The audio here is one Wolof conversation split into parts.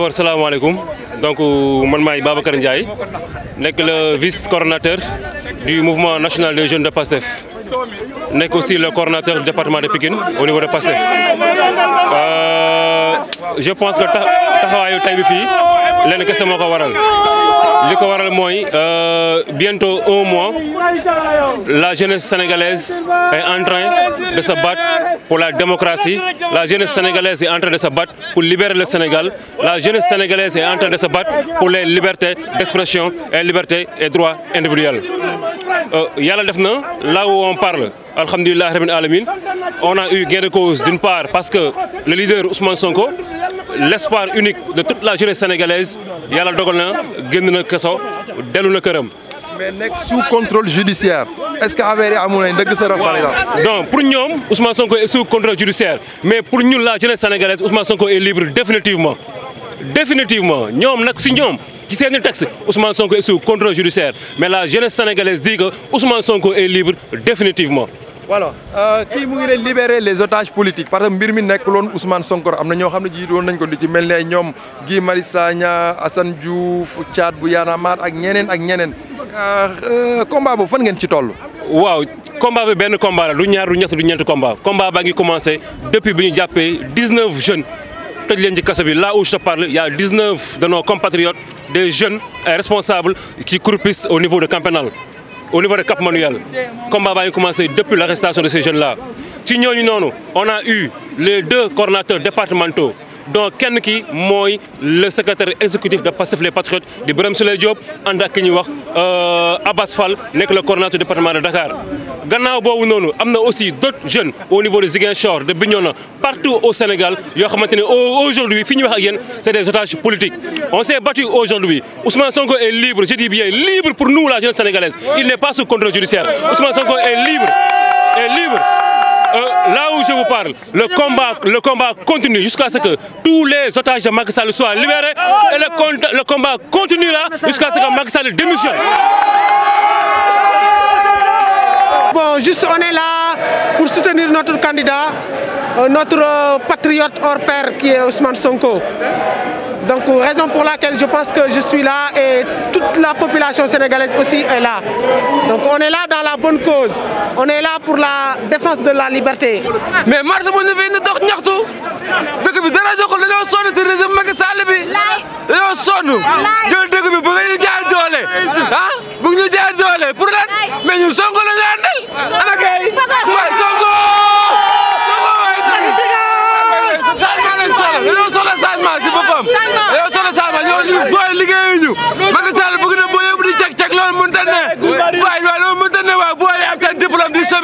D'abord, salam alaikum. Donc, man maay Baba Ndiaye le vice coordinateur du mouvement national des jeunes de PASTEF n'est aussi le coordinateur du département de Pikine au niveau de PASF. Euh, je pense que tay bi fi len waral euh, bientôt au moins, la jeunesse sénégalaise est en train de se battre pour la démocratie la jeunesse sénégalaise est en train de se battre pour libérer le Sénégal la jeunesse sénégalaise est en train de se battre pour les libertés d'expression et libertés et droits individuels euh, yalla def na là où on parle rabbil alamin on a eu gain de cause d'une part parce que le leader Ousmane Sonko l'espoir unique de toute la jeunesse sénégalaise yalla dogal na génn na kaso de na mais sous contrôle judiciaire est-ce que affaire avéré amul nañ de sa raf pour nous, Ousmane Sonko est sous contrôle judiciaire mais pour nous, la jeunesse sénégalaise Ousmane Sonko est libre définitivement définitivement Nous sommes si ñom ci un texte Ousmane Sonko est sous contrôle judiciaire mais la jeunesse sénégalaise dit que Ousmane Sonko est libre définitivement. voilà qui euh, voulait libérer les otages politiques parce que Birmin mi Ousmane Sonko am na ñoo xam ne nañ ko li ci mel ne ñoom Guy Assane Diouf Thiat bu Y'en a marre ak euh, euh, combat vous fan ngeen ci toll. waaw combat combat la du ñaar du combat. du combat combat commencé depuis que nous 19 19 jeunes ci là où je te parle y a 19 de nos compatriotes des jeunes responsables qui croupissent au niveau de Campenal, au niveau de Cap Manuel. Le combat va commencer depuis l'arrestation de ces jeunes-là. on a eu les deux coordonnateurs départementaux donc Kenki, ki le secrétaire exécutif de Passif les Patriotes de bremse Souleye Diop Anda ak euh, Abbas Fall que le du département de Dakar Gana boobu noonu aussi d'autres jeunes au niveau de Ziguinchor de Bignona partout au Sénégal ont aujourd'hui fi à rien, ak des otages politiques on s'est battu aujourd'hui Ousmane Sonko est libre je dis bien libre pour nous la jeune sénégalaise il n'est pas sous contrôle judiciaire Ousmane Sonko est libre est libre euh, là où je vous parle, le combat, le combat continue jusqu'à ce que tous les otages de Macky Sall soient libérés et le, le combat là jusqu'à ce que Macky Sall démissionne. Bon, juste on est là pour soutenir notre candidat euh, notre euh, patriote hors pair qui est Ousmane Sonko. Donc raison pour laquelle je pense que je suis là et toute la population sénégalaise aussi est là. Donc on est là dans la bonne cause. On est là pour la défense de la liberté. Mais marche bu ñu fi ñu dox ñaxtu dëkk bi dara doxul dañoo sonn ci régime Macky Sall bi dañoo sonn jël dëkk bi bu ñu jaar doole ah bu ñu jaar doole pour lan mais ñun Sonko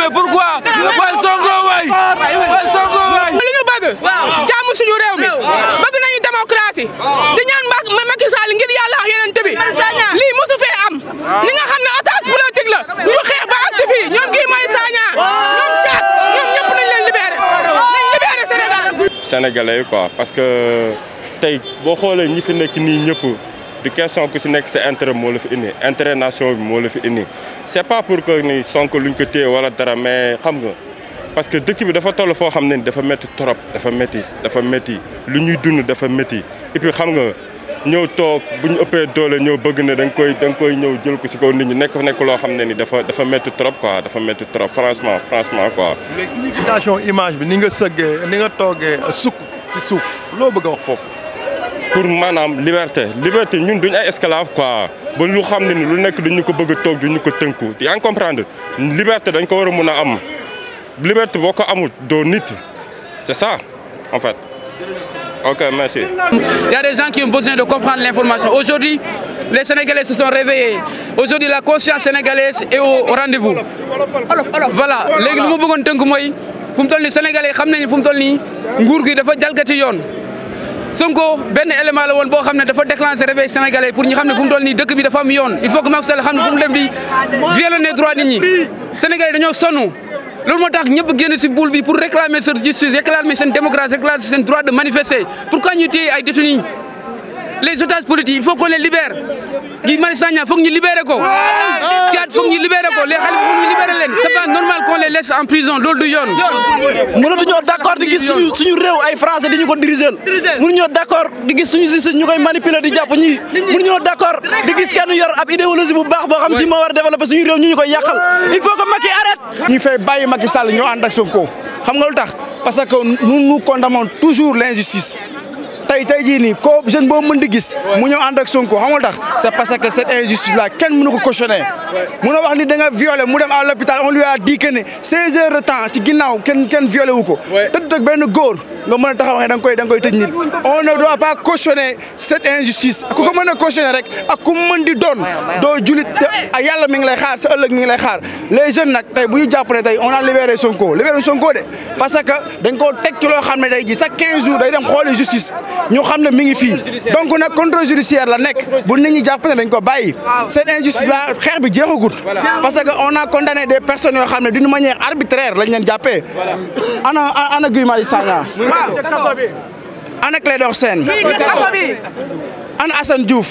mais pourquoi waay Sonko waay waay Sonko waay ñu bëgg mi bëgg nañu démocratie di ñaan Macky ngir yàlla ak yeneen bi lii mosu fee am ñi nga xam ne otage politique la ñu xeex ba ak ci fii ñoom kii mooy Sagna ñoom caat ñoom ñëpp nañ leen libéré nañ libéré Sénégal yi quoi parce que tey boo xoolee ñi fi nekk nii ñëpp du question ku si nekk sa intérêt moo fi indi intérêt nation bi moo la fi indi c'est pas pour que ni que luñ ko téye wala dara mais xam nga parce que dëkk bi dafa toll fo xamné ne dafa metti trop dafa metti dafa metti luñuy dund dafa metti et puis xam nga ñeu tok buñu uppé doole ñeu bëgg ne dang koy dang koy ñeu jël ko ci kaw nit ñi nek nekk loo xam ne ni dafa dafa metti trop quoi dafa metti trop franchement franchement quoi. l'explication image bi ni nga sëggé ni nga toggé suku ci souf lo bëgg wax fofu pour manam liberté liberté ñun duñ ay esclave quoi bon lu xamni ne lu nekk duñ ko bëgg tok duñ ko tënku ya ngi comprendre liberté dañ ko wara mëna am liberté boko amul do nit c'est ça en fait ok merci. Il y a des gens qui ont besoin de comprendre l'information aujourd'hui les Sénégalais se sont réveillés aujourd'hui la conscience sénégalaise est au rendez-vous voilà léegi lu ma bëggoon tënk mooy fu mu Sénégalais xam nañu fu mu toll nii nguur gi dafa yoon. Sonko Ben élément la won réveil sénégalais pour ñu xamné il faut que Macky Sall dem nos violer sénégalais nous nous. Nous motax ñepp pour réclamer sa justice réclamer démocratie réclamer droit de manifester pourquoi nous téye ay détenus les otages politiques il faut qu'on les libère Guy Marius Sagna faut qu'on libéré ko Thiat faut qu'on libéré ko les faut qu'on qu'on libère Ce c'est pas normal qu'on les laisse en prison Nous du yoon. mënatuñoo d'accord di gis suñu suñu ay français qui sont ko diriger. mënuñoo d'accord di gis suñu justice ñu koy manipuler di Nous sommes mënuñoo d'accord di gis kenn yor ab idéologie bu baax boo xam si moo war développer suñu réew ñu ñu koy il faut que Macky arrête. ñu fay bàyyi Macky Sall ñoo ànd ak Sonko xam nga parce que nous nous condamnons toujours l'injustice tey tey jii ko jeune bo mën di gis mu ñëw and ak Sonko xamul tax c'est parce que cette injustice là ken mënu ko cautionner mën a wax ni da nga violé mu dem à l'hôpital on lui a dit que ne 16 heures de temps ci ginnaw ken ken violé wu ko tëdd ak ben góor nga mëna taxaw ne dang koy dang koy tëj nit on ne doit pas cautionner cette injustice ku ko mëna cautionner rek ak ku mën di doon do julit ak yàlla mi ngi lay xaar sa ëllëg mi ngi lay xaar les jeunes nak tay bu ñu jàpp ne tey on a libéré Sonko libéré Sonko dé parce que dañ ko tek ci lo xamné day ji sa 15 jours day dem xolé justice ñu xam ne mi ngi on donc contrôle judiciaire la nek. bu nit ñi jàpp ne dañ ko bàyyi cette injustice là xeex bi jeexagut parce que on a condamné des personnes yoo xam ne d'une manière arbitraire lañ leen jàppee ana ana Guy Marius Sagna ana Clédor Sène ana Assane Diouf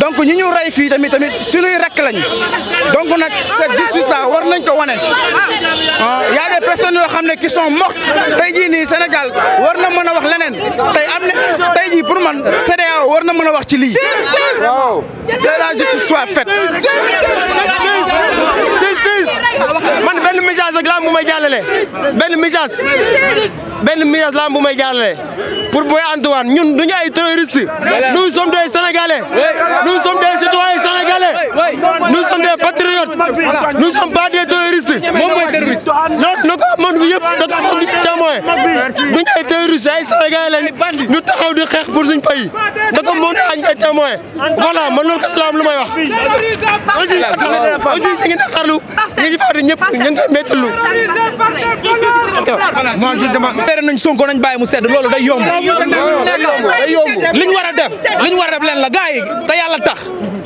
donc ñi ñu rey fii tamit tamit suñuy rakk lañ donc nag cette justice là war nañ ko wane ah, y a des yoo xam ne qui sont mortes tey jii nii Sénégal war na mën a wax leneen tey am na tey jii pour man CEDEAO war na mën a wax ci lii waaw c'est la justice soit faite man benn message rek laa am bu may jàllale benn message benn message laa am bu may jàllale pour Boy Antoine ñun duñu ay terroristes nous sommes des sénégalais nous sommes des citoyens sénégalais nous sommes des patriotes nous sommes pas ko amoon yëpp da ko amoon ñu taxaw di xeex pour suñ pays na ko mën a añ ay témoin voilà man loolu kese laa lu may wax. aussi aussi ñu ngi naqarlu ñu ngi fàttali ñëpp ñu ngi koy méttalu. moi je demande. feere nañ Sonko nañ bàyyi mu sedd loolu day yomb. day yomb li ñu war a def li ñu war a def leen la gars yi te tax.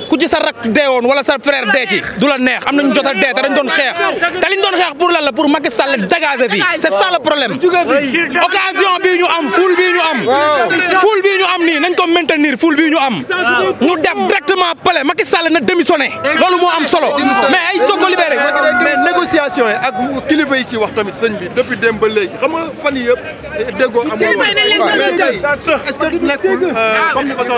ku ci sa rak dee woon wala sa frère dee du la neex am nañu jot a dee te dañ doon xeex te liñ doon xeex pour lan la pour Macky sal dégager fii c'est ça le problème bi maintenir ful bi ñu am. ñu def directement palais Macky na démissionné. loolu moo am solo mais ay Sonko libéré. mais négociation yi ak kilifa yi wax tamit sëñ bi depuis démb ba léegi xam nga yëpp déggoo amul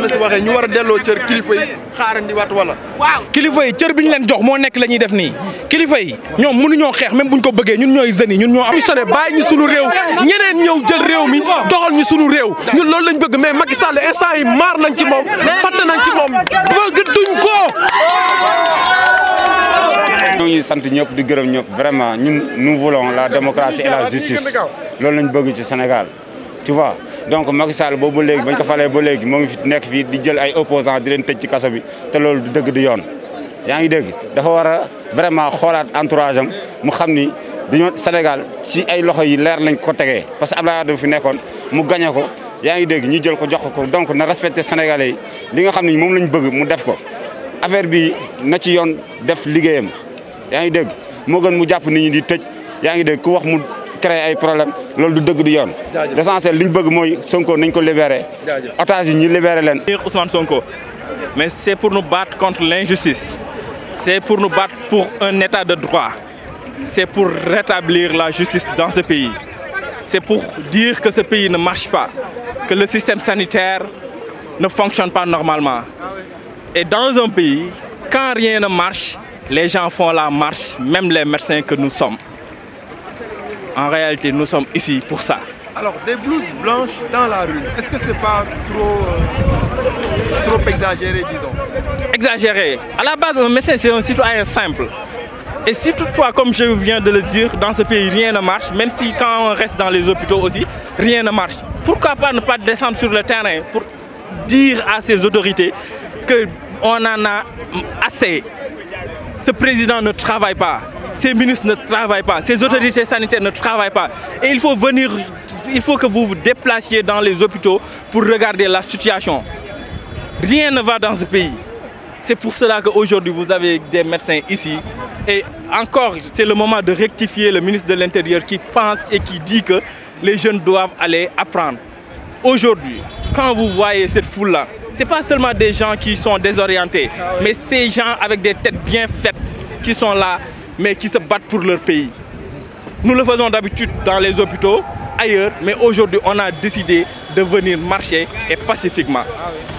mais euh, ñu war a delloo cër kilifa xaarandi waat wala. waaw cër bi ñu leen jox moo nekk la ñuy def nii kilifa yi ñoom mënuñoo xeex même buñ ko bëggee ñun ñooy jeunes ñun ñoo am. ñu sunu réew ñeneen mi doxal ñu sunu réew ñun loolu lañ bëgg mais Macky instant yi maar nañ ci moom fàtte nañ ci ko. ñoo sant ñëpp di gërëm ñëpp vraiment ñun nous la démocratie e la justice loolu lañ bëgg ci Sénégal tu vois. donc Macky Sall boobu ba léegi bañ ko falee ba léegi moo ngi fi nekk fii di jël ay opposants di leen tëj ci kaso bi te loolu di dëgg di yoon yaa ngi dégg dafa war a vraiment xoolaat entourage am mu xam ni dañoo Sénégal ci ay loxo yi leer lañ ko tegee parce que Abdoulaye Wade fi nekkoon mu gañe ko. yaa ngi dégg ñu jël ko jox ko donc na respecté sénégalais yi li nga xam ne moom lañ bëgg mu def ko affaire bi na ci yoon def liggéeyam yaa ngi dégg moo gën mu jàpp nit ñi di tëj yaa ngi dégg ku wax mu créé ay problème loolu du dëgg du yoon essentiel li ñu bëgg mooy Sonko nañ ko libéré otage yi ñu libéré leen Ousmane Sonko mais c'est pour nous battre contre l'injustice c'est pour nous battre pour un état de droit c'est pour rétablir la justice dans ce pays c'est pour dire que ce pays ne marche pas, que le système sanitaire ne fonctionne pas normalement. Et dans un pays, quand rien ne marche, les gens font la marche, même les médecins que nous sommes. En réalité, nous sommes ici pour ça. Alors, des blouses blanches dans la rue, est-ce que ce n'est pas trop, euh, trop exagéré, disons Exagéré. À la base, un médecin, c'est un citoyen simple. Et si toutefois, comme je viens de le dire, dans ce pays, rien ne marche, même si quand on reste dans les hôpitaux aussi, rien ne marche, pourquoi pas ne pas descendre sur le terrain pour dire à ces autorités qu'on en a assez ce président ne travaille pas, ces ministres ne travaillent pas, ces autorités sanitaires ne travaillent pas. Et il faut venir, il faut que vous vous déplaciez dans les hôpitaux pour regarder la situation. Rien ne va dans ce pays. C'est pour cela qu'aujourd'hui, vous avez des médecins ici. Et encore, c'est le moment de rectifier le ministre de l'Intérieur qui pense et qui dit que les jeunes doivent aller apprendre. Aujourd'hui, quand vous voyez cette foule-là, ce n'est pas seulement des gens qui sont désorientés, ah mais ces gens avec des têtes bien faites qui sont là, mais qui se battent pour leur pays. Nous le faisons d'habitude dans les hôpitaux, ailleurs, mais aujourd'hui, on a décidé de venir marcher et pacifiquement.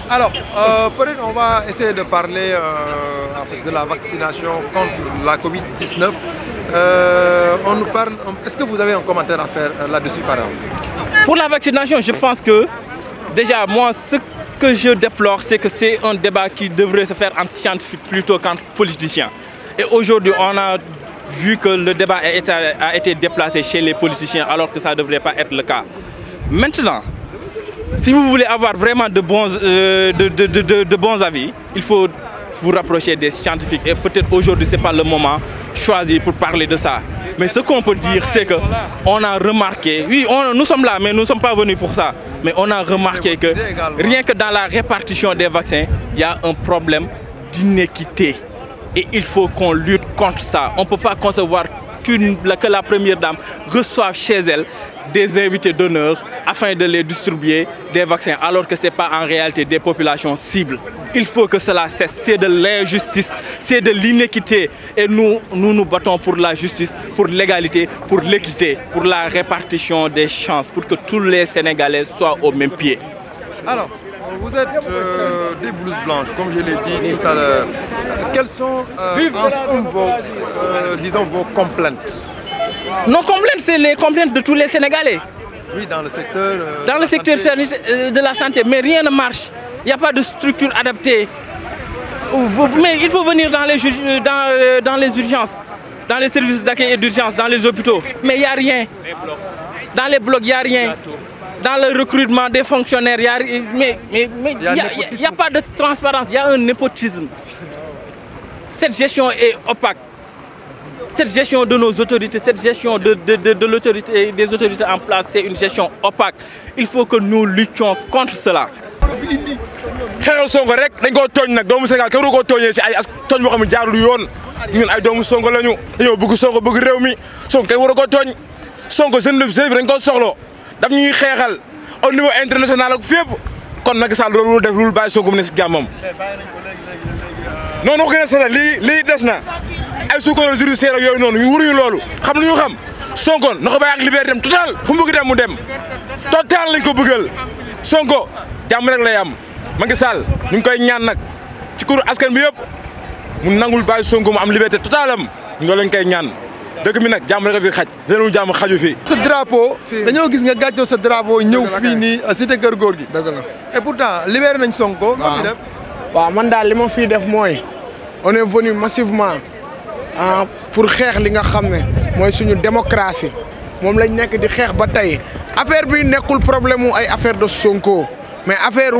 Ah alors, euh, on va essayer de parler euh, de la vaccination contre la Covid-19. Euh, on nous parle. Est-ce que vous avez un commentaire à faire là-dessus, par Pour la vaccination, je pense que déjà moi, ce que je déplore, c'est que c'est un débat qui devrait se faire en scientifique plutôt qu'en politiciens. Et aujourd'hui, on a vu que le débat a été déplacé chez les politiciens alors que ça ne devrait pas être le cas. Maintenant, si vous voulez avoir vraiment de bons, euh, de, bons avis, il faut vous rapprocher des scientifiques. Et peut-être aujourd'hui, ce n'est pas le moment choisi pour parler de ça. Mais ce qu'on peut dire, c'est qu'on a remarqué, oui, nous sommes là, mais nous ne sommes pas venus pour ça. Mais on a remarqué que rien que dans la répartition des vaccins, il y a un problème d'inéquité. Et il faut qu'on lutte contre ça. On ne peut pas concevoir que la première dame reçoive chez elle des invités d'honneur afin de les distribuer des vaccins alors que ce n'est pas en réalité des populations cibles. Il faut que cela cesse. C'est de l'injustice, c'est de l'inéquité. Et nous, nous nous battons pour la justice, pour l'égalité, pour l'équité, pour la répartition des chances, pour que tous les Sénégalais soient au même pied. Alors, vous êtes euh, des blouses blanches, comme je l'ai dit tout à l'heure. Quelles sont, euh, vos, euh, disons, vos complaintes Nos complaintes, c'est les complaintes de tous les Sénégalais. Oui, dans le secteur... dans le secteur de la santé, mais rien ne marche. Il n'y a pas de structure adaptée. Mais il faut venir dans les, dans, dans les urgences, dans les services d'accueil et d'urgence, dans les hôpitaux. Mais il n'y a rien. Dans les blocs, il n'y a rien dans le recrutement des fonctionnaires, y a, mais il mais, n'y a, a, pas de transparence, il y a un népotisme. Cette gestion est opaque. Cette gestion de nos autorités, cette gestion de, de, de, de autorité, des autorités en place, c'est une gestion opaque. Il faut que nous luttions contre cela. Nous sommes rek les gens qui ont doomu Sénégal kenn du ko tooñee si ay as tooñ boo xam ne jaar lu yoon ñun ay doomu Sonko lañu dañoo bëgg Sonko bëgg kay war daf ñuy xeexal au niveau international ak fépp kon Macky Sall loolu def loolu bàyyi Sonko mu ne si jàmmam. noonu gën a lii lii des na ay suuko judiciaire ak yooyu noonu ñu wuruñu loolu xam lu ñu xam Sonko noxo ko bàyyi ak liberté dem total fu mu dem mu dem total lañ ko bëggal Sonko jàmm rek lay am Macky Sall koy ñaan nag ci kuru askan bi yëpp mu nangul bàyyi Sonko mu am liberté totalam ñu lañ koy ñaan. deug bi nak jàmm rek fi xaj dañu jàmm xaju fi ce drapeau dañu gis nga gàccoo ce drapeau ñew fi ni cité kër góor gi dëgg la et pourtant libéré nañ Sonko wa man dal li fi def moy on est venu massivement ah, pour xex li nga xamné moy suñu démocratie mom lañ nekk di xex ba tay affaire bi nekkul problème ay affaire de Sonko mais affaire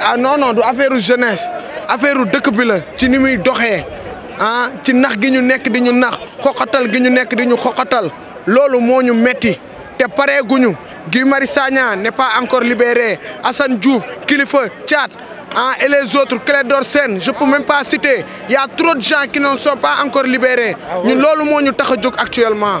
ah non non du affaire jeunesse affaire dëkk bi la ci ni muy doxee ah ci nax gi ñu nekk di ñu nax xoqatal gi ñu nekk di ñu xoqatal loolu moo ñu metti te pare guñu Guy Marissagna n'est pas encore libéré Hassan Diouf Kilifeu Tchad ah et les autres Clédor d'orsen. je peux même pas citer il y a trop de gens qui ne sont pas encore libérés ah, ñun loolu moo ñu tax a actuellement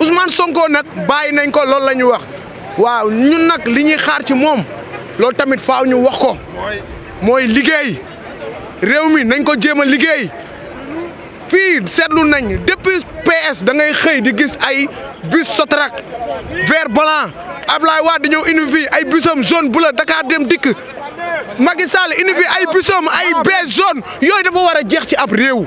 Ousmane Sonko nag bàyyi nañ ko loolu la ñu wax waaw ñun nag li ñuy xaar ci moom loolu tamit faaw ñu wax ko mooy liggéey réew mi nañ ko jéem a liggéey fii seetlu nañ depuis PS da ngay xëy di gis ay bus Sotrac vert blanc Ablaye Wade waa indi fii ay busam jaune bu la Dakar dem dikk Macky Sall indi fii ay busam ay beige jaune yooyu dafa war a jeex ci ab réew.